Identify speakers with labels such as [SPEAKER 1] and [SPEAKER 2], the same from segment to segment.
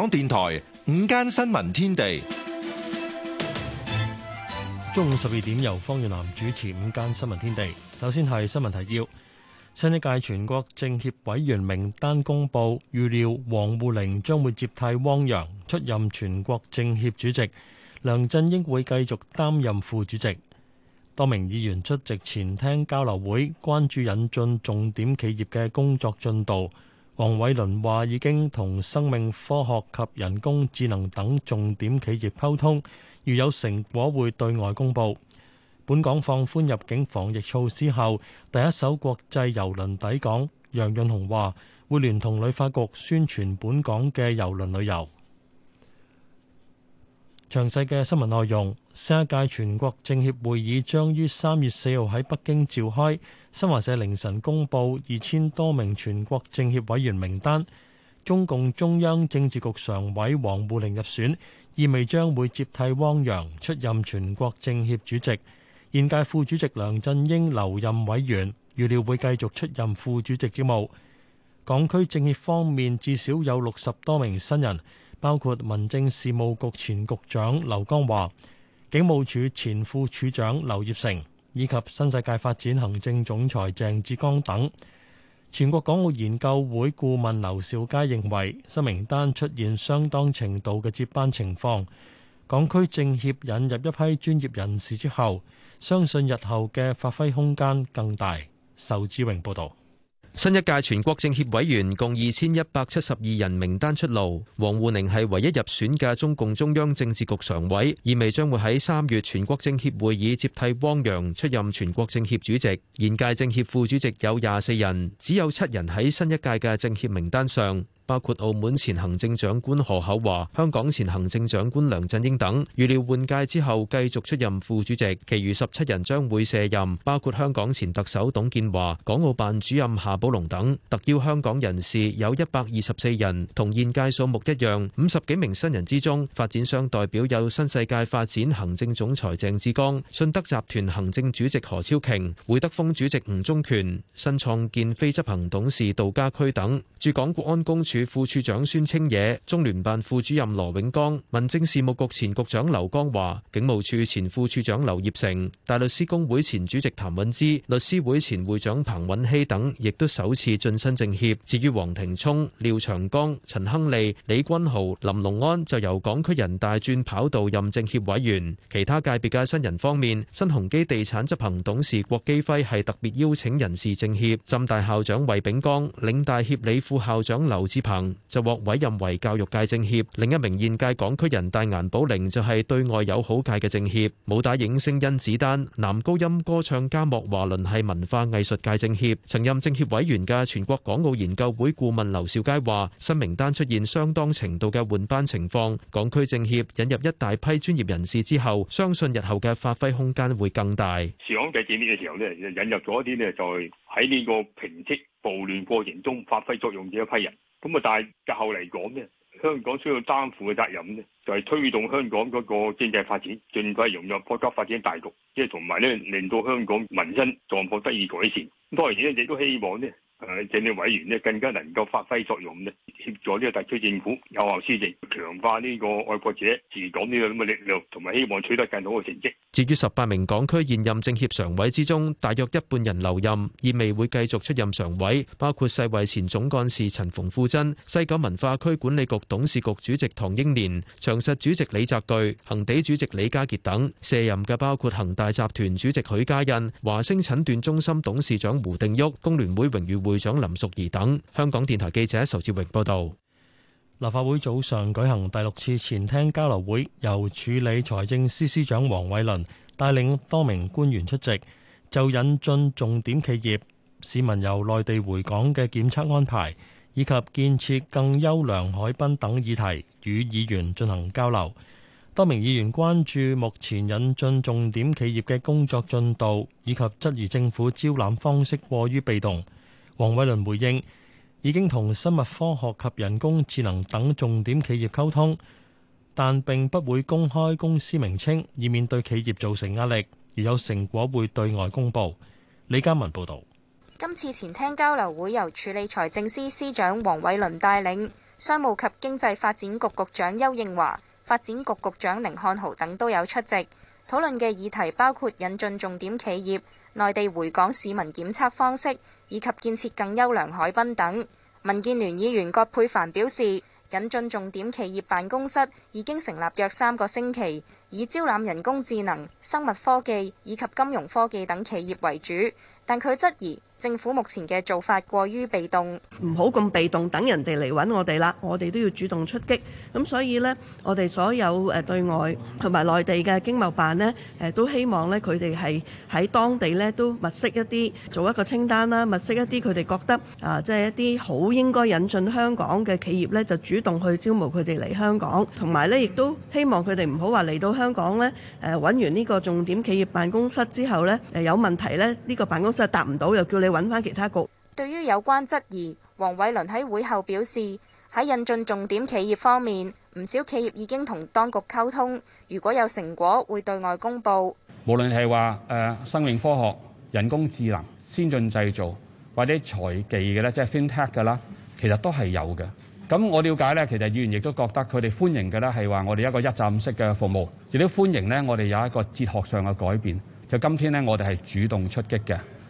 [SPEAKER 1] 香港電台午間新聞天地，中午十二點由方月南主持午間新聞天地。首先係新聞提要：新一屆全國政協委員名單公布，預料王滬寧將會接替汪洋出任全國政協主席，梁振英會繼續擔任副主席。多名議員出席前廳交流會，關注引進重點企業嘅工作進度。王黃偉倫話已經同生命科學及人工智能等重點企業溝通，如有成果會對外公布。本港放寬入境防疫措施後，第一艘國際郵輪抵港，楊潤雄話會聯同旅發局宣傳本港嘅郵輪旅遊。詳細嘅新聞內容。下一屆全國政協會議將於三月四號喺北京召開。新華社凌晨公佈二千多名全國政協委員名單，中共中央政治局常委王滬寧入選，意味將會接替汪洋出任全國政協主席。現屆副主席梁振英留任委員，預料會繼續出任副主席職務。港區政協方面至少有六十多名新人，包括民政事務局前局長劉江華。警務處前副處長劉業成以及新世界發展行政總裁鄭志剛等。全國港澳研究會顧問劉兆佳認為，新名單出現相當程度嘅接班情況，港區政協引入一批專業人士之後，相信日後嘅發揮空間更大。仇志榮報道。新一屆全國
[SPEAKER 2] 政協委員共二千一百七十二人名單出爐，王滬寧係唯一入選嘅中共中央政治局常委，意味將會喺三月全國政協會議接替汪洋出任全國政協主席。現屆政協副主席有廿四人，只有七人喺新一屆嘅政協名單上。包括澳門前行政長官何厚華、香港前行政長官梁振英等，預料換屆之後繼續出任副主席，其餘十七人將會卸任，包括香港前特首董建華、港澳辦主任夏寶龍等。特邀香港人士有一百二十四人，同現屆數目一樣。五十幾名新人之中，發展商代表有新世界發展行政總裁鄭志剛、信德集團行政主席何超瓊、會德豐主席吳宗權、新創建非執行董事杜家駒等。駐港國安公署副處長孫清野、中聯辦副主任羅永綱、民政事務局前局長劉江華、警務處前副處長劉業成、大律師公會前主席譚允芝、律師會前會長彭韻僖等，亦都首次晉身政協。至於黃庭聰、廖長江、陳亨利、李君豪、林龍安，就由港區人大轉跑道任政協委員。其他界別嘅新人方面，新鴻基地產執行董事郭基輝係特別邀請人士政協，浸大校長衛炳江、嶺大協理副校長劉智鵬。就獲委任為教育界政協，另一名現屆港區人大顏寶玲就係對外友好界嘅政協，武打影星甄子丹、男高音歌唱家莫華倫係文化藝術界政協，曾任政協委員嘅全國港澳研究會顧問劉兆佳話：新名單出現相當程度嘅換班情況，港區政協引入一大批專業人士之後，相信日後嘅發揮空間會更大。
[SPEAKER 3] 前兩屆選舉嘅時候咧，引入咗一啲咧，就喺呢個平息暴亂過程中發揮作用嘅一批人。咁啊，但係隔後嚟講咧，香港需要擔負嘅責任咧，就係推動香港嗰個經濟發展，儘快融入國家發展大局，即係同埋咧，令到香港民生狀況得以改善。當然，亦都希望咧。誒，政協委員咧，更加能夠發揮作用咧，協助呢個特區政府有效施政，強化呢個愛國者治港呢個咁嘅力量，同埋希望取得更好嘅成績。
[SPEAKER 2] 至於十八名港區現任政協常委之中，大約一半人留任，而未會繼續出任常委，包括世衞前總幹事陳馮富珍、西九文化區管理局董事局主席唐英年、長實主席李澤鉅、恆地主席李家傑等，卸任嘅，包括恒大集團主席許家印、華星診斷中心董事長胡定旭、工聯會榮譽會會長林淑儀等，
[SPEAKER 1] 香港電台記者仇志榮報道。立法會早上舉行第六次前廳交流會，由署理財政司司長黃偉綸帶領多名官員出席，就引進重點企業、市民由內地回港嘅檢測安排以及建設更優良海濱等議題與議員進行交流。多名議員關注目前引進重點企業嘅工作進度，以及質疑政府招攬方式過於被動。黃偉倫回應：已經同生物科學及人工智能等重點企業溝通，但並不會公開公司名稱，以免對企業造成壓力。而有成果會對外公布。李家文報道：
[SPEAKER 4] 今次前廳交流會由署理財政司司，司長黃偉倫帶領，商務及經濟發展局局長邱應華、發展局局長寧漢豪等都有出席。討論嘅議題包括引進重點企業。內地回港市民檢測方式，以及建設更優良海濱等，民建聯議員葛珮帆表示，引進重點企業辦公室已經成立約三個星期，以招攬人工智能、生物科技以及金融科技等企業為主，但佢質疑政府目前嘅做法過於被動，
[SPEAKER 5] 唔好咁被動等人哋嚟揾我哋啦。我哋都要主動出擊，咁所以咧，我哋所有誒對外同埋內地嘅經貿辦咧，誒都希望咧佢哋係喺當地咧都物色一啲，做一個清單啦，物色一啲佢哋覺得啊，即係一啲好應該引進香港嘅企業咧，就主動去招募佢哋嚟香港。同埋咧，亦都希望佢哋唔好話嚟到香港咧，誒揾完呢個重點企業辦公室之後咧，誒有問題咧，呢個辦公室答唔到，又叫你。揾翻其他局。
[SPEAKER 4] 對於有關質疑，黃偉綸喺會後表示：喺引進重點企業方面，唔少企業已經同當局溝通，如果有成果，會對外公佈。
[SPEAKER 6] 無論係話誒生命科學、人工智能、先進製造或者財技嘅咧，即係 FinTech 嘅啦，其實都係有嘅。咁我瞭解呢，其實議員亦都覺得佢哋歡迎嘅咧，係話我哋一個一站式嘅服務，亦都歡迎呢，我哋有一個哲學上嘅改變。就今天呢，我哋係主動出擊嘅。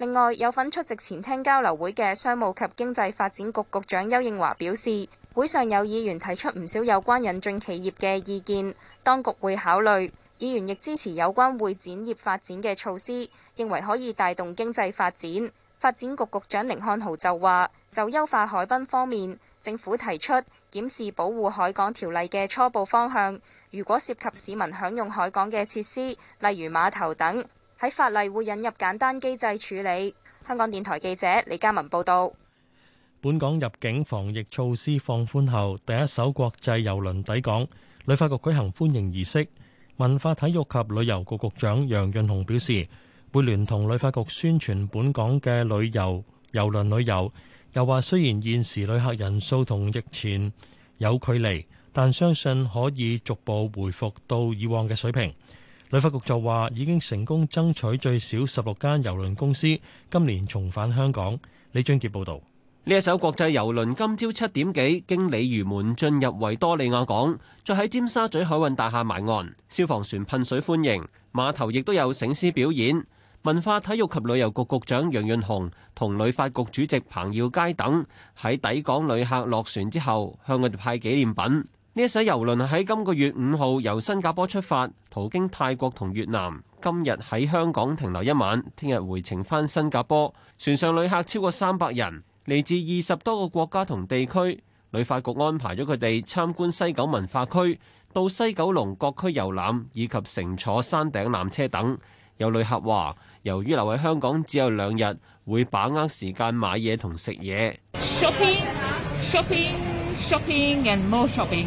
[SPEAKER 4] 另外，有份出席前廳交流會嘅商務及經濟發展局局長邱應華表示，會上有議員提出唔少有關引進企業嘅意見，當局會考慮。議員亦支持有關會展業發展嘅措施，認為可以帶動經濟發展。發展局局長寧漢豪就話，就優化海濱方面，政府提出檢視保護海港條例嘅初步方向，如果涉及市民享用海港嘅設施，例如碼頭等。喺法例會引入簡單機制處理。香港電台記者李嘉文報道。
[SPEAKER 1] 本港入境防疫措施放寬後，第一艘國際郵輪抵港，旅發局舉行歡迎儀式。文化體育及旅遊局局長楊潤雄表示，會聯同旅發局宣傳本港嘅旅遊郵輪旅遊。又話雖然現時旅客人數同疫前有距離，但相信可以逐步回復到以往嘅水平。旅發局就話已經成功爭取最少十六間郵輪公司今年重返香港。李俊傑報導，
[SPEAKER 7] 呢一艘國際郵輪今朝七點幾經鯉魚門進入維多利亞港，再喺尖沙咀海運大廈埋岸，消防船噴水歡迎，碼頭亦都有醒獅表演。文化體育及旅遊局局長楊潤雄同旅發局主席彭耀佳等喺抵港旅客落船之後，向佢哋派紀念品。呢艘遊輪喺今個月五號由新加坡出發，途經泰國同越南，今日喺香港停留一晚，聽日回程返新加坡。船上旅客超過三百人，嚟自二十多個國家同地區。旅發局安排咗佢哋參觀西九文化區、到西九龍各區遊覽以及乘坐山頂纜車等。有旅客話，由於留喺香港只有兩日，會把握時間買嘢同食嘢。Shopping,
[SPEAKER 5] shopping, shopping and more shopping.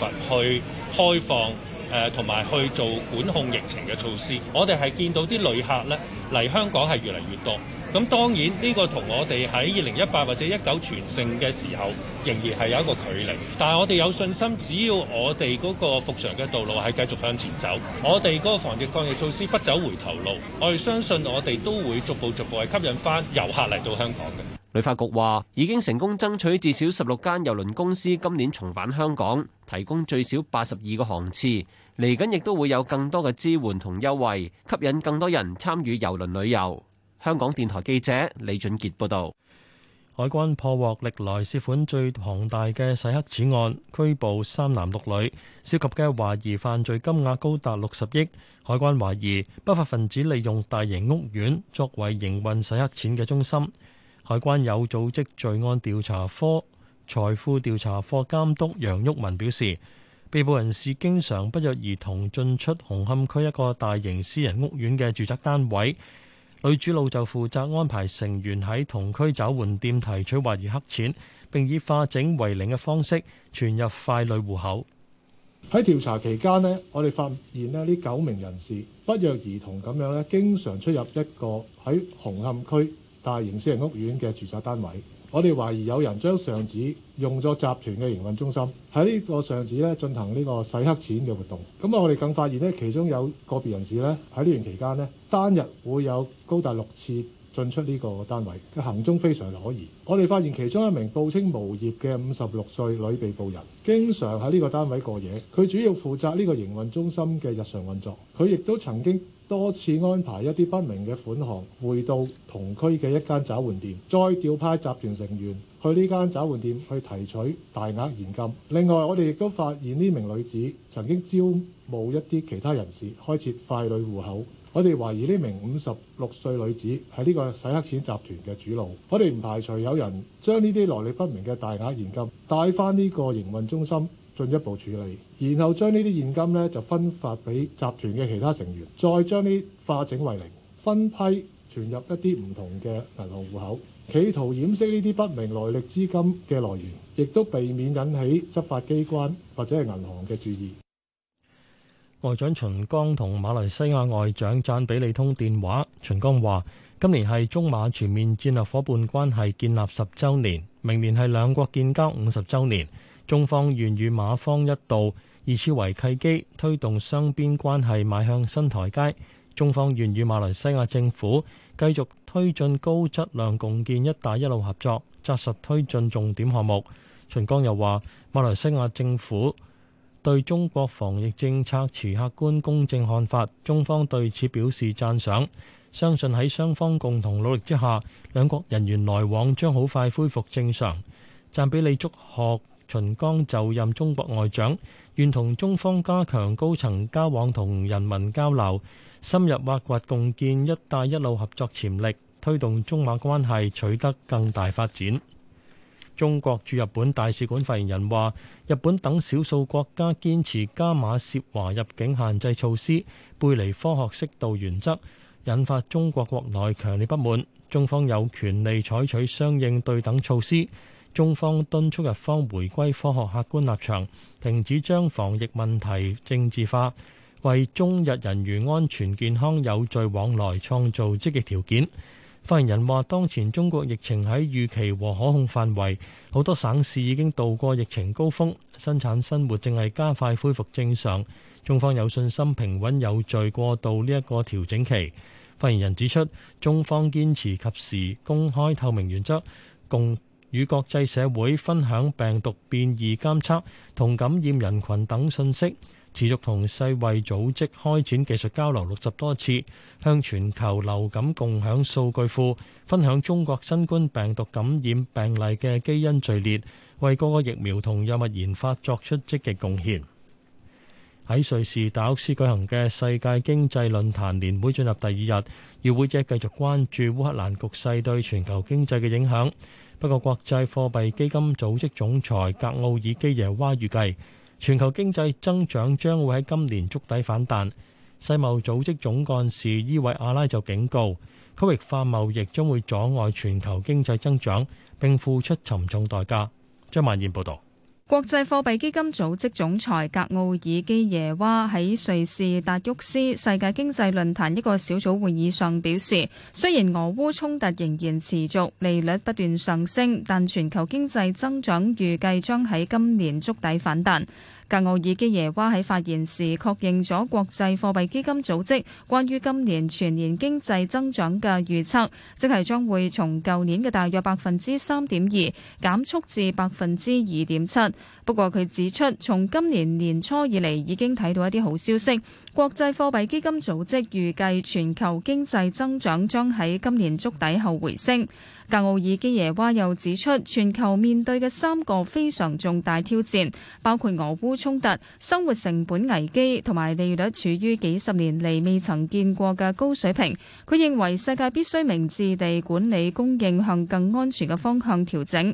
[SPEAKER 3] 去開放誒，同埋去做管控疫情嘅措施。我哋係見到啲旅客咧嚟香港係越嚟越多。咁當然呢個同我哋喺二零一八或者一九全盛嘅時候，仍然係有一個距離。但係我哋有信心，只要我哋嗰個復常嘅道路係繼續向前走，我哋嗰個防疫抗疫措施不走回頭路，我哋相信我哋都會逐步逐步係吸引翻遊客嚟到香港嘅。
[SPEAKER 7] 旅發局話已經成功爭取至少十六間郵輪公司今年重返香港，提供最少八十二個航次。嚟緊亦都會有更多嘅支援同優惠，吸引更多人參與郵輪旅遊。香港電台記者李俊杰報道。
[SPEAKER 1] 海關破獲歷來涉款最龐大嘅洗黑錢案，拘捕三男六女，涉及嘅懷疑犯罪金額高達六十億。海關懷疑不法分子利用大型屋苑作為營運洗黑錢嘅中心。海關有組織罪案調查科財富調查科監督楊旭文表示，被捕人士經常不約而同進出紅磡區一個大型私人屋苑嘅住宅單位，女主路就負責安排成員喺同區找換店提取懷疑黑錢，並以化整為
[SPEAKER 8] 零嘅方式存入傀儡戶口。喺調查期間呢，我哋發現咧呢九名人士不約而同咁樣咧，經常出入一個喺紅磡區大型私人屋苑嘅住宅單位，我哋懷疑有人將上址用作集團嘅營運中心，喺呢個上址咧進行呢個洗黑錢嘅活動。咁啊，我哋更發現咧，其中有個別人士咧喺呢段期間咧，單日會有高達六次。進出呢個單位，佢行蹤非常可疑。我哋發現其中一名報稱無業嘅五十六歲女被捕人，經常喺呢個單位過夜。佢主要負責呢個營運中心嘅日常運作。佢亦都曾經多次安排一啲不明嘅款項匯到同區嘅一間找換店，再調派集團成員去呢間找換店去提取大額現金。另外，我哋亦都發現呢名女子曾經招募一啲其他人士開設傀儡戶口。我哋懷疑呢名五十六歲女子係呢個洗黑錢集團嘅主腦。我哋唔排除有人將呢啲來歷不明嘅大額現金帶返呢個營運中心進一步處理，然後將呢啲現金呢就分發俾集團嘅其他成員，再將呢化整為零，分批存入一啲唔同嘅銀行戶口，企圖掩飾呢啲不明來歷資金嘅來源，亦都避免引起執法機關或者係銀行嘅注意。外長
[SPEAKER 1] 秦剛同馬來西亞外長讚比利通電話。秦剛話：今年係中馬全面戰略伙伴關係建立十週年，明年係兩國建交五十週年。中方願與馬方一道，以此為契機，推動雙邊關係邁向新台階。中方願與馬來西亞政府繼續推進高質量共建「一帶一路」合作，紮實推進重點項目。秦剛又話：馬來西亞政府對中國防疫政策持客觀公正看法，中方對此表示讚賞。相信喺雙方共同努力之下，兩國人員來往將好快恢復正常。贊比利祝賀秦剛就任中國外長，願同中方加強高層交往同人民交流，深入挖掘共建「一帶一路」合作潛力，推動中馬關係取得更大發展。中國駐日本大使館發言人話，日本等少數國家堅持加碼涉華入境限制措施，背離科學適度原則，引發中國國內強烈不滿。中方有權利採取相應對等措施。中方敦促日方回歸科學客觀立場，停止將防疫問題政治化，為中日人員安全健康有序往來創造積極條件。發言人話，當前中國疫情喺預期和可控範圍，好多省市已經度過疫情高峰，生產生活正係加快恢復正常。中方有信心平穩有序過渡呢一個調整期。發言人指出，中方堅持及時公開透明原則，共與國際社會分享病毒變異監測同感染人群等信息。持續同世衛組織開展技術交流六十多次，向全球流感共享數據庫分享中國新冠病毒感染病例嘅基因序列，為各個疫苗同藥物研發作出積極貢獻。喺瑞士達沃斯舉行嘅世界經濟論壇年會進入第二日，與會者繼續關注烏克蘭局勢對全球經濟嘅影響。不過，國際貨幣基金組織總裁格奧爾基耶娃預計，全球經濟增長將會喺今年觸底反彈。世貿組織總幹事伊偉亞拉就警告，區域化貿易將會阻礙全球經濟增長，並付出沉重代價。張曼燕報道。
[SPEAKER 5] 國際貨幣基金組織總裁格奧爾基耶娃喺瑞士達沃斯世界經濟論壇一個小組會議上表示，雖然俄烏衝突仍然持續，利率不斷上升，但全球經濟增長預計將喺今年觸底反彈。格奧爾基耶娃喺發言時確認咗國際貨幣基金組織關於今年全年經濟增長嘅預測，即係將會從舊年嘅大約百分之三點二減速至百分之二點七。不過，佢指出，從今年年初以嚟已經睇到一啲好消息。國際貨幣基金組織預計全球經濟增長將喺今年觸底後回升。格奧爾基耶娃又指出，全球面對嘅三個非常重大挑戰，包括俄烏衝突、生活成本危機同埋利率處於幾十年嚟未曾見過嘅高水平。佢認為世界必須明智地管理供應，向更安全嘅方向調整。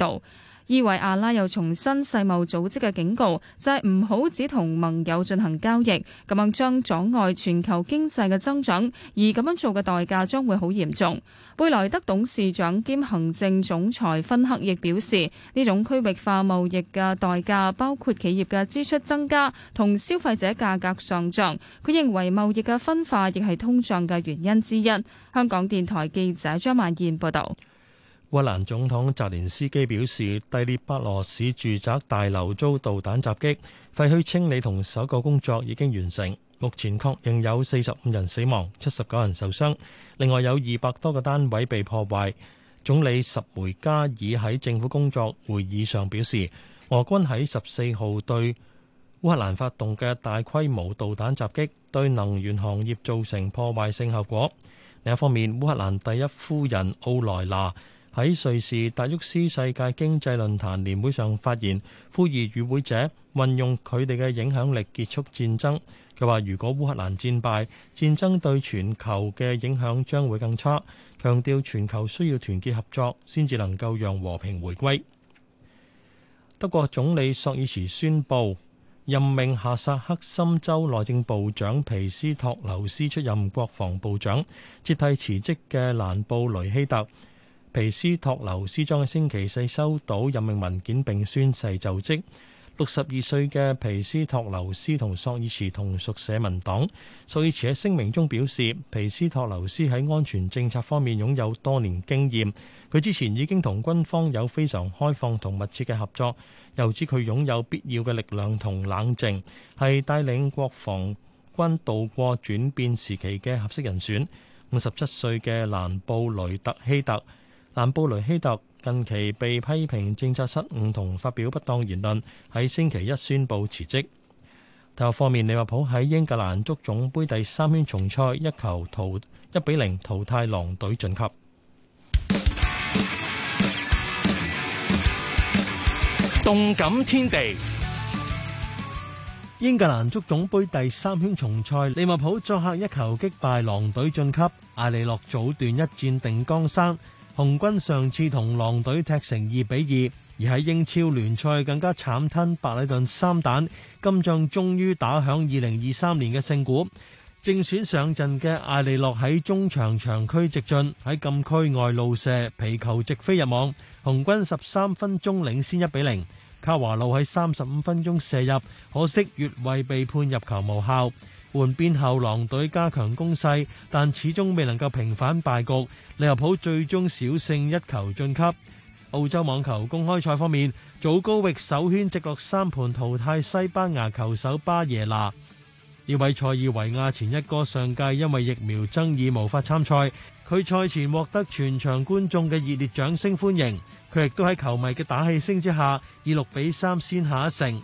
[SPEAKER 5] 道，伊維亞拉又重申世貿組織嘅警告，就係唔好只同盟友進行交易，咁樣將阻礙全球經濟嘅增長，而咁樣做嘅代價將會好嚴重。貝萊德董事長兼行政總裁芬克亦表示，呢種區域化貿易嘅代價包括企業嘅支出增加同消費者價格上漲。佢認為貿易嘅分化亦係通脹嘅原因之一。香港電台記者張曼燕報道。
[SPEAKER 1] 烏克蘭總統澤連斯基表示，第聶伯羅市住宅大樓遭導彈襲擊，廢墟清理同搜救工作已經完成。目前確認有四十五人死亡，七十九人受傷，另外有二百多個單位被破壞。總理什梅加爾喺政府工作會議上表示，俄軍喺十四號對烏克蘭發動嘅大規模導彈襲擊，對能源行業造成破壞性效果。另一方面，烏克蘭第一夫人奧萊娜，喺瑞士達沃斯世界經濟論壇年會上發言，呼籲與會者運用佢哋嘅影響力結束戰爭，佢話，如果烏克蘭戰敗，戰爭對全球嘅影響將會更差。強調全球需要團結合作，先至能夠讓和平回歸。德國總理朔爾茨宣布任命下薩克森州內政部長皮斯托留斯出任國防部長，接替辭職嘅蘭布雷希特。皮斯托留斯將喺星期四收到任命文件，並宣誓就職。六十二歲嘅皮斯托留斯同索爾茨同屬社民黨。索爾茨喺聲明中表示，皮斯托留斯喺安全政策方面擁有多年經驗。佢之前已經同軍方有非常開放同密切嘅合作，又指佢擁有必要嘅力量同冷靜，係帶領國防軍渡過轉變時期嘅合適人選。五十七歲嘅蘭布雷特希特。蘭布雷希特近期被批評政策失誤同發表不當言論，喺星期一宣布辭職。體育方面，利物浦喺英格蘭足總盃第三圈重賽一球淘一比零淘汰狼隊晉級。動
[SPEAKER 8] 感天地，
[SPEAKER 1] 英格蘭足總盃第三圈重賽，利物浦作客一球擊敗狼隊晉級。艾利洛早段一戰定江山。紅軍上次同狼隊踢成二比二，而喺英超聯賽更加慘吞白禮頓三蛋，今仗終於打響二零二三年嘅勝鼓。正選上陣嘅艾利洛喺中場長驅直進，喺禁區外怒射，皮球直飛入網，紅軍十三分鐘領先一比零。卡華路喺三十五分鐘射入，可惜越位被判入球無效。換邊後，狼隊加強攻勢，但始終未能夠平反敗局，利物浦最終小勝一球晉級。澳洲網球公開賽方面，祖高域首圈直落三盤淘汰西班牙球手巴耶拿。呢位塞爾維亞前一哥上屆因為疫苗爭議無法參賽，佢賽前獲得全場觀眾嘅熱烈掌聲歡迎，佢亦都喺球迷嘅打氣聲之下以六比三先下一城。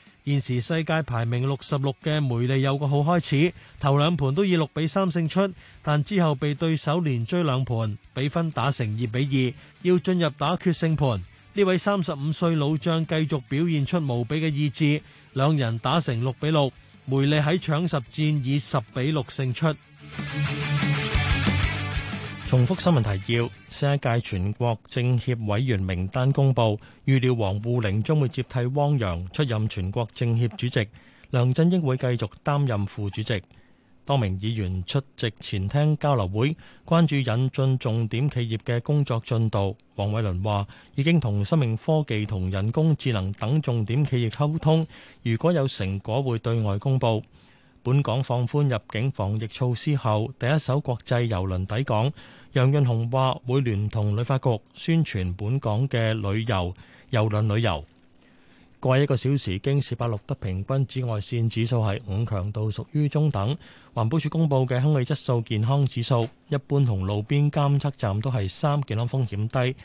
[SPEAKER 1] 現時世界排名六十六嘅梅利有個好開始，頭兩盤都以六比三勝出，但之後被對手連追兩盤，比分打成二比二，要進入打決勝盤。呢位三十五歲老將繼續表現出無比嘅意志，兩人打成六比六，梅利喺搶十戰以十比六勝出。重複新聞提要：新一屆全國政協委員名單公佈，預料王滬寧將會接替汪洋出任全國政協主席，梁振英會繼續擔任副主席。多名議員出席前廳交流會，關注引進重點企業嘅工作進度。黃偉綸話：已經同生命科技同人工智能等重點企業溝通，如果有成果會對外公佈。本港放寬入境防疫措施後，第一艘國際郵輪抵港。楊潤雄話會聯同旅發局宣傳本港嘅旅遊郵輪旅遊。過去一個小時，京士柏錄得平均紫外線指數係五強度，屬於中等。環保署公布嘅空氣質素健康指數一般同路邊監測站都係三，健康風險低。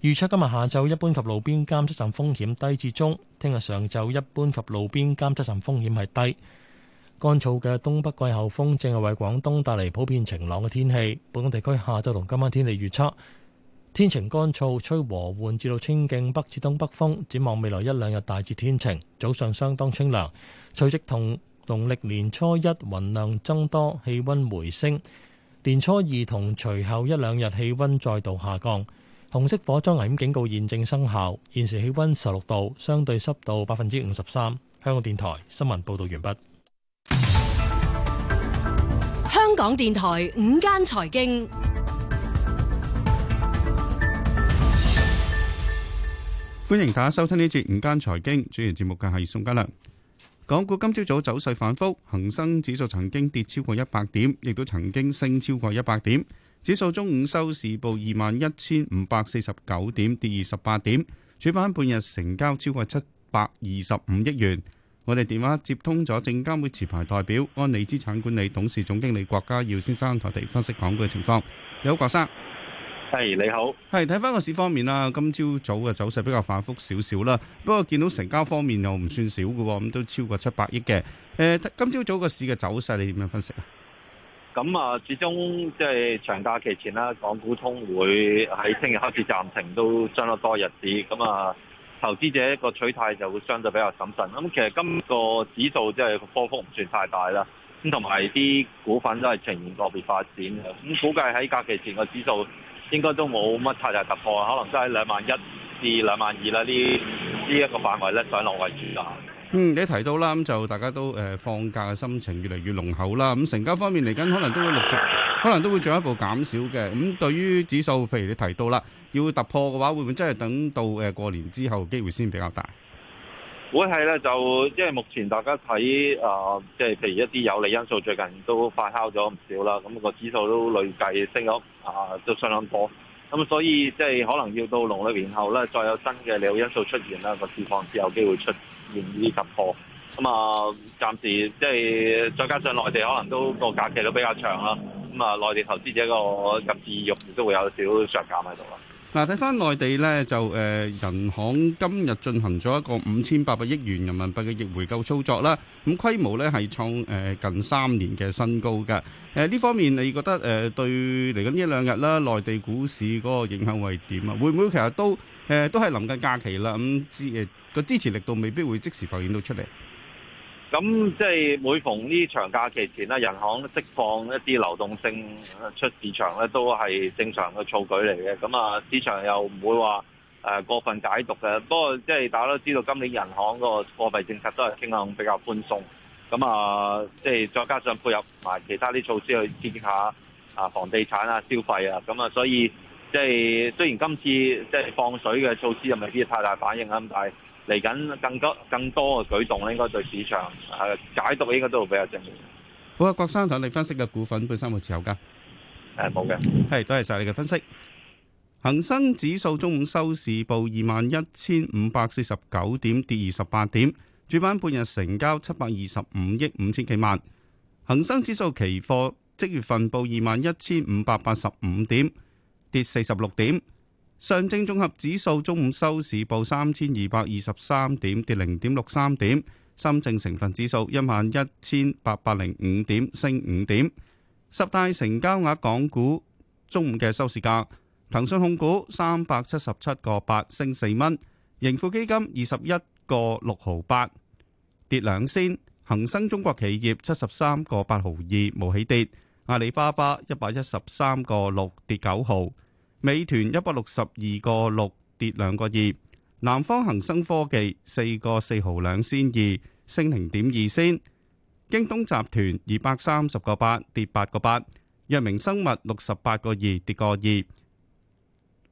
[SPEAKER 1] 預測今日下晝一般及路邊監測站風險低至中，聽日上晝一般及路邊監測站風險係低。乾燥嘅東北季候風正係為廣東帶嚟普遍晴朗嘅天氣。本港地區下晝同今晚天氣預測，天晴乾燥，吹和緩至到清勁北至東北風。展望未來一兩日大致天晴，早上相當清涼。隨即同農曆年初一雲量增多，氣温回升。年初二同隨後一兩日氣温再度下降。紅色火災危險警告現正生效。現時氣温十六度，相對濕度百分之五十三。香港電台新聞報導完畢。
[SPEAKER 5] 港電台午間財經，
[SPEAKER 6] 歡迎大家收聽呢節午間財經。主持節目嘅係宋家良。港股今朝早走勢反覆，恒生指數曾經跌超過一百點，亦都曾經升超過一百點。指數中午收市報二萬一千五百四十九點，跌二十八點。主板半日成交超過七百二十五億元。我哋電話接通咗證監會持牌代表安利資產管理董事總經理郭家耀先生，同我哋分析港股嘅情況。你好，郭生，係、hey, 你好，係睇翻個市方面啦，今朝早嘅走勢比較反覆少少啦，不過見到成交方面又唔算少嘅，咁都超過七百億嘅。誒，今朝早個市嘅走勢你點樣分析啊？
[SPEAKER 3] 咁啊，始終即係長假期前啦，港股通會喺聽日開始暫停，都爭得多日子咁啊。投資者個取態就會相對比較審慎，咁其實今個指數即係波幅唔算太大啦，
[SPEAKER 6] 咁同埋啲
[SPEAKER 3] 股份都係呈現個別發展，咁估計喺假期前個指數應該都冇乜太大突破，可能都係兩萬一至兩萬二啦，呢呢一個範圍咧上落為主啦。
[SPEAKER 6] 嗯，你提到啦，咁就大家都誒、呃、放假嘅心情越嚟越濃厚啦。咁成交方面嚟緊可能都會陸續，可能都會進一步減少嘅。咁對於指數，譬如你提到啦，要突破嘅話，會唔會真係等到誒過年之後機會先比較大？
[SPEAKER 3] 會係咧，就因為目前大家睇啊，即、呃、係譬如一啲有利因素最近都發酵咗唔少啦。咁、那個指數都累計升咗啊、呃，都相當多。咁、呃、所以即係、就是、可能要到農曆年後咧，再有新嘅利好因素出現啦，那個市況先有機會出。容易突破咁啊！暫時即係再加上內地可能都個假期都比較長啦，咁啊，內地投資者個投資慾都會有少少削減喺度
[SPEAKER 6] 啦。嗱，睇翻內地咧，就誒，銀行今日進行咗一個五千八百億元人民幣嘅逆回購操作啦，咁，規模咧係創誒近三年嘅新高㗎。誒呢方面你覺得誒對嚟緊一兩日啦，內地股市嗰個影響會係點啊？會唔會其實都誒都係臨近假期啦？咁之誒。個支持力度未必會即時浮現到出嚟。
[SPEAKER 3] 咁即係每逢呢場假期前啦，人行釋放一啲流動性出市場咧，都係正常嘅措舉嚟嘅。咁啊，市場又唔會話誒、呃、過分解讀嘅。不過即係大家都知道，今年人行個貨幣政策都係傾向比較寬鬆。咁啊，即、就、係、是、再加上配合埋其他啲措施去刺激下啊房地產啊消費啊。咁啊，所以即係雖然今次即係放水嘅措施又未必有太大反應啊，咁但係。.嚟緊更多更多嘅舉動咧，應該對市場誒，解讀應該都會比較
[SPEAKER 6] 正面。好啊，郭生獨你分析嘅股份，本身會持有㗎？誒，冇嘅。係，多謝晒你嘅分析。恒生指數中午收市報二萬一千五百四十九點，跌二十八點。主板半日成交七百二十五億五千幾萬。恒生指數期貨即月份報二萬一千五百八十五點，跌四十六點。上證綜合指數中午收市報三千二百二十三點，跌零點六三點。深證成分指數一萬一千八百零五點，升五點。十大成交額港股中午嘅收市價：騰訊控股三百七十七個八，升四蚊；盈富基金二十一個六毫八，跌兩仙；恒生中國企業七十三個八毫二，冇起跌；阿里巴巴一百一十三個六，跌九毫。美團一百六十二個六，跌兩個二，南方恒生科技四個四毫兩仙二，升零點二仙，京東集團二百三十個八，跌八個八，藥明生物六十八個二，跌個二，樂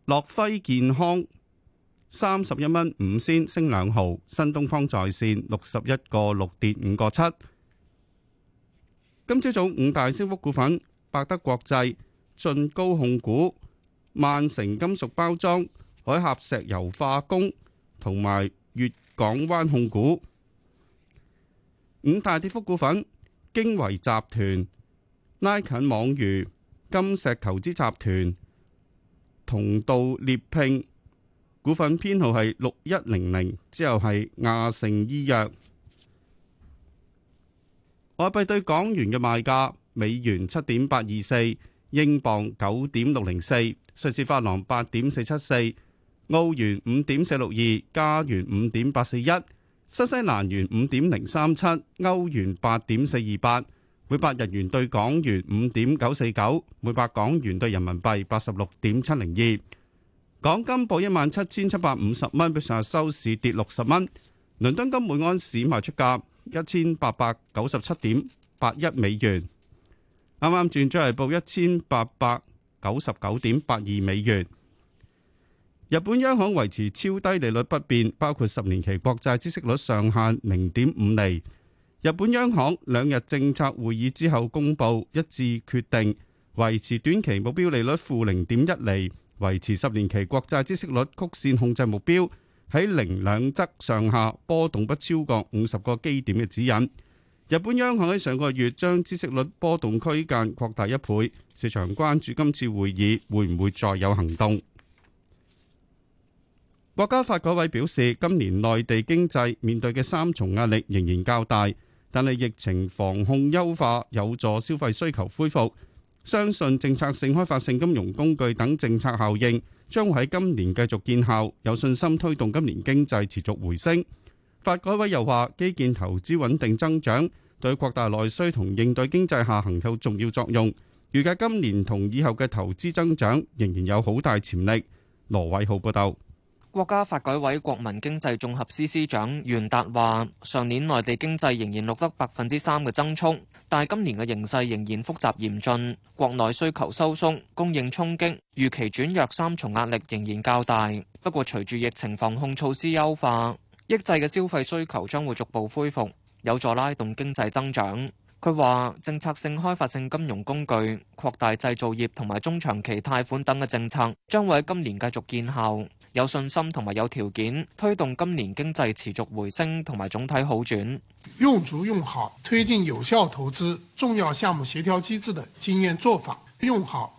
[SPEAKER 6] 輝健康三十一蚊五仙，升兩毫，新東方在綫六十一個六，跌五個七。今朝早五大升幅股份：百德國際、晉高控股、萬城金屬包裝、海峽石油化工同埋粵港灣控股。五大跌幅股份，經緯集團、拉近網娛、金石投資集團同道獵聘，股份編號係六一零零，之後係亞盛醫藥。外幣對港元嘅賣價，美元七點八二四，英鎊九點六零四。瑞士法郎八點四七四，澳元五點四六二，加元五點八四一，新西蘭元五點零三七，歐元八點四二八，每百日元對港元五點九四九，每百港元對人民幣八十六點七零二。港金報一萬七千七百五十蚊，比上日收市跌六十蚊。倫敦金每盎司賣出價一千八百九十七點八一美元，啱啱轉咗係報一千八百。九十九點八二美元。日本央行維持超低利率不變，包括十年期國債孳息率上限零點五厘。日本央行兩日政策會議之後公布一致決定，維持短期目標利率負零點一厘，維持十年期國債孳息率曲線控制目標喺零兩側上下波動不超過五十個基點嘅指引。日本央行喺上個月將孳息率波動區間擴大一倍，市場關注今次會議會唔會再有行動。國家發改委表示，今年內地經濟面對嘅三重壓力仍然較大，但係疫情防控優化有助消費需求恢復，相信政策性、開發性金融工具等政策效應將喺今年繼續見效，有信心推動今年經濟持續回升。發改委又話基建投資穩定增長對擴大內需同應對經濟下行有重要作用，預計今年同以後嘅投資增長仍然有好大潛力。羅偉浩報道，
[SPEAKER 9] 國家發改委國民經濟綜合司司長袁達話：上年內地經濟仍然錄得百分之三嘅增速，但係今年嘅形勢仍然複雜嚴峻，國內需求收縮、供應衝擊、預期轉弱三重壓力仍然較大。不過，隨住疫情防控措施優化，抑制嘅消費需求將會逐步恢復。有助拉動經濟增長。佢話政策性開發性金融工具、擴大製造業同埋中長期貸款等嘅政策，將會喺今年繼續見效，有信心同埋有條件推動今年經濟持續回升同埋
[SPEAKER 8] 總體好轉，用足用好推進有效投資重要項目協調機制嘅經驗做法，用好。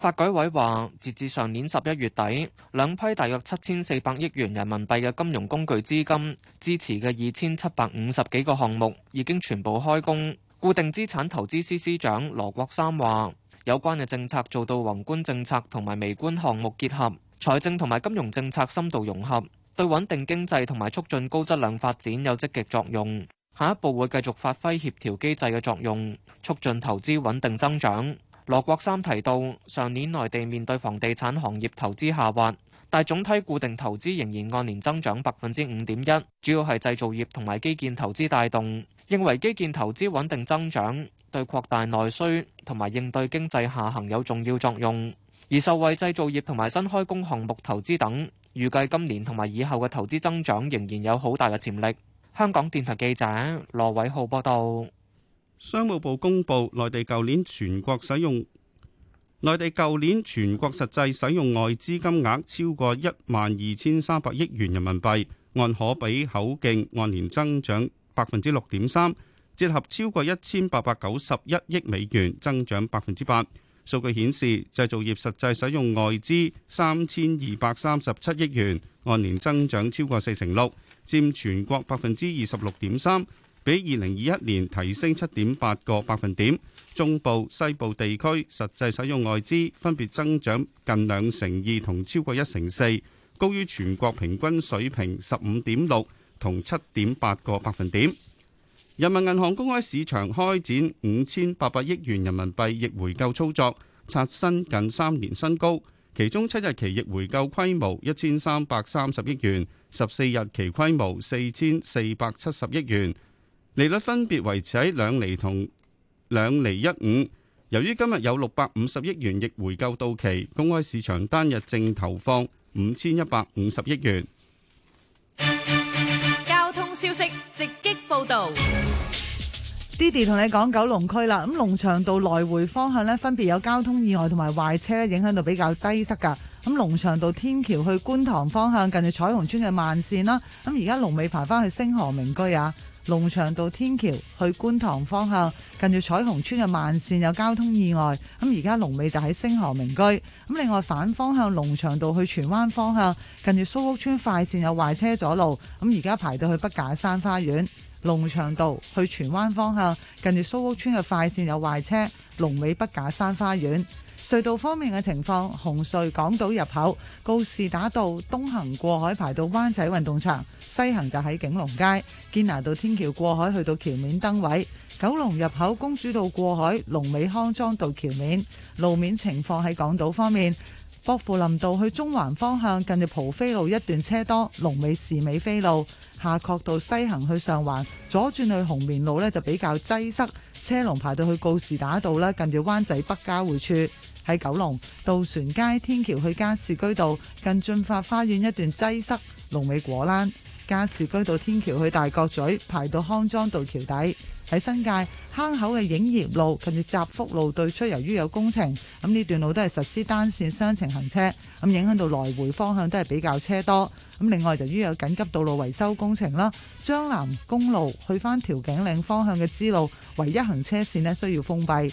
[SPEAKER 9] 發改委話，截至上年十一月底，兩批大約七千四百億元人民幣嘅金融工具資金支持嘅二千七百五十幾個項目已經全部開工。固定資產投資司司長羅國三話，有關嘅政策做到宏觀政策同埋微觀項目結合，財政同埋金融政策深度融合，對穩定經濟同埋促進高質量發展有積極作用。下一步會繼續發揮協調機制嘅作用，促進投資穩定增長。羅國三提到，上年內地面對房地產行業投資下滑，但總體固定投資仍然按年增長百分之五點一，主要係製造業同埋基建投資帶動。認為基建投資穩定增長，對擴大內需同埋應對經濟下行有重要作用。而受惠製造業同埋新開工項目投資等，預計今年同埋以後嘅投資增長仍然有好大嘅潛力。香港電台記者羅偉浩報道。商務部公
[SPEAKER 6] 佈，內地舊年全國使用內地舊年全國實際使用外資金額超過一萬二千三百億元人民幣，按可比口徑按年增長百分之六點三，折合超過一千八百九十一億美元，增長百分之八。數據顯示，製造業實際使用外資三千二百三十七億元，按年增長超過四成六，佔全國百分之二十六點三。比二零二一年提升七點八個百分點，中部、西部地區實際使用外資分別增長近兩成二同超過一成四，高於全國平均水平十五點六同七點八個百分點。人民銀行公開市場開展五千八百億元人民幣逆回購操作，刷新近三年新高，其中七日期逆回購規模一千三百三十億元，十四日期規模四千四百七十億元。利率分別維持喺兩厘同兩厘一五。由於今日有六百五十億元逆回購到期，公開市場單日淨投放五千一百五十億元。
[SPEAKER 4] 交通消息直擊報導
[SPEAKER 10] ，Didi 同你講九龍區啦。咁龍翔道來回方向呢，分別有交通意外同埋壞車咧，影響到比較擠塞噶。咁龍翔道天橋去觀塘方向，近住彩虹村嘅慢線啦。咁而家龍尾排翻去星河明居啊。龍翔道天橋去觀塘方向，近住彩虹村嘅慢線有交通意外。咁而家龍尾就喺星河名居。咁另外反方向龍翔道去荃灣方向，近住蘇屋村快線有壞車阻路。咁而家排到去畢架山花園。龍翔道去荃灣方向，近住蘇屋村嘅快線有壞車，龍尾畢架山花園。隧道方面嘅情況，紅隧港島入口告士打道東行過海排到灣仔運動場，西行就喺景隆街堅拿道天橋過海去到橋面燈位。九龍入口公主道過海，龍尾康莊到橋面路面情況喺港島方面，薄扶林道去中環方向近住蒲飛路一段車多，龍尾士美飛路夏慤道西行去上環，左轉去紅棉路呢就比較擠塞，車龍排到去告士打道啦，近住灣仔北交匯處。喺九龍渡船街天橋去加士居道近駿發花園一段擠塞，龍尾果欄；加士居道天橋去大角咀排到康莊道橋底。喺新界坑口嘅影業路近住澤福路對出，由於有工程，咁呢段路都係實施單線雙程行車，咁影響到來回方向都係比較車多。咁另外就由於有緊急道路維修工程啦，將南公路去翻調景嶺方向嘅支路唯一行車線呢需要封閉。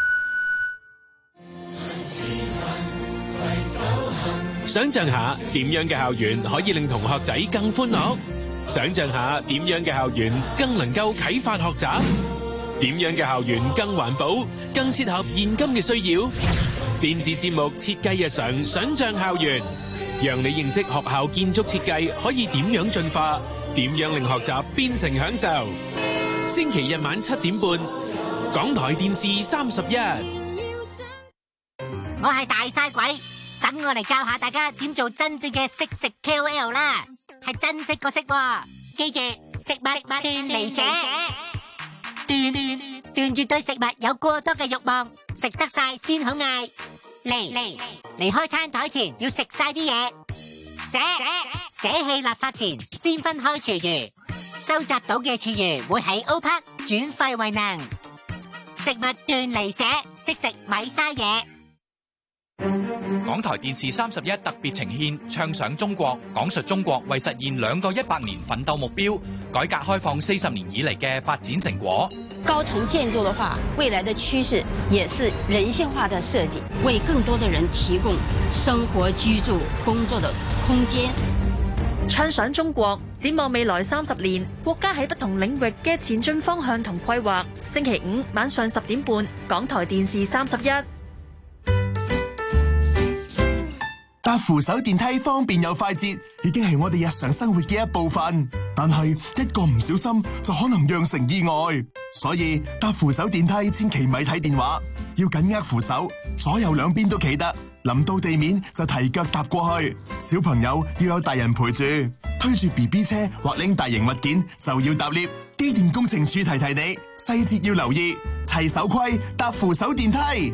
[SPEAKER 3] 想象下點樣
[SPEAKER 2] 嘅校園可以令同學仔更歡樂？想象下點樣嘅校園更能夠啟發學習？點樣嘅校園更環保、更切合現今嘅需要？電視節目設計日常、想象校園，讓你認識學校建築設計可以點樣進化？點樣令學習變成享受？星期日晚七點半，港台電視三十一。
[SPEAKER 9] 我係大晒鬼。等我嚟教下大家點做真正嘅識食 KOL 啦，係真識個識，記住食物，食物斷，斷離者，斷斷斷絕對食物有過多嘅欲望，食得晒先好嗌，離離離，離開餐台前要食晒啲嘢，捨捨捨棄垃圾前先分開廚餘，收集到嘅廚餘會喺 O Park 轉廢為能，食物斷離者識食，食咪嘥嘢。港
[SPEAKER 6] 台電視三十一特別呈獻《唱響中國》，講述中國為實現兩個一百年奮鬥目標、改革開放四十年以
[SPEAKER 5] 嚟
[SPEAKER 4] 嘅發展成果。高層建築的話，未來的趨勢也是人性化的設計，為更多的人提供生活、居住、工作的空
[SPEAKER 5] 間。《唱響中國》展望未來三十年，國家喺不同領域嘅前進方向同規劃。星期五晚上十點半，港台電視三十一。
[SPEAKER 8] 搭扶手電梯方便又快捷，已經係我哋日常生活嘅一部分。但係一個唔小心就可能釀成意外，所以搭扶手電梯千祈咪睇電話，要緊握扶手，左右兩邊都企得。臨到地面就提腳踏過去。小朋友要有大人陪住，推住 BB 車或拎大型物件，就要搭 𨋢。機電工程處提提，提你，細節要留意，齊守規搭扶手電梯。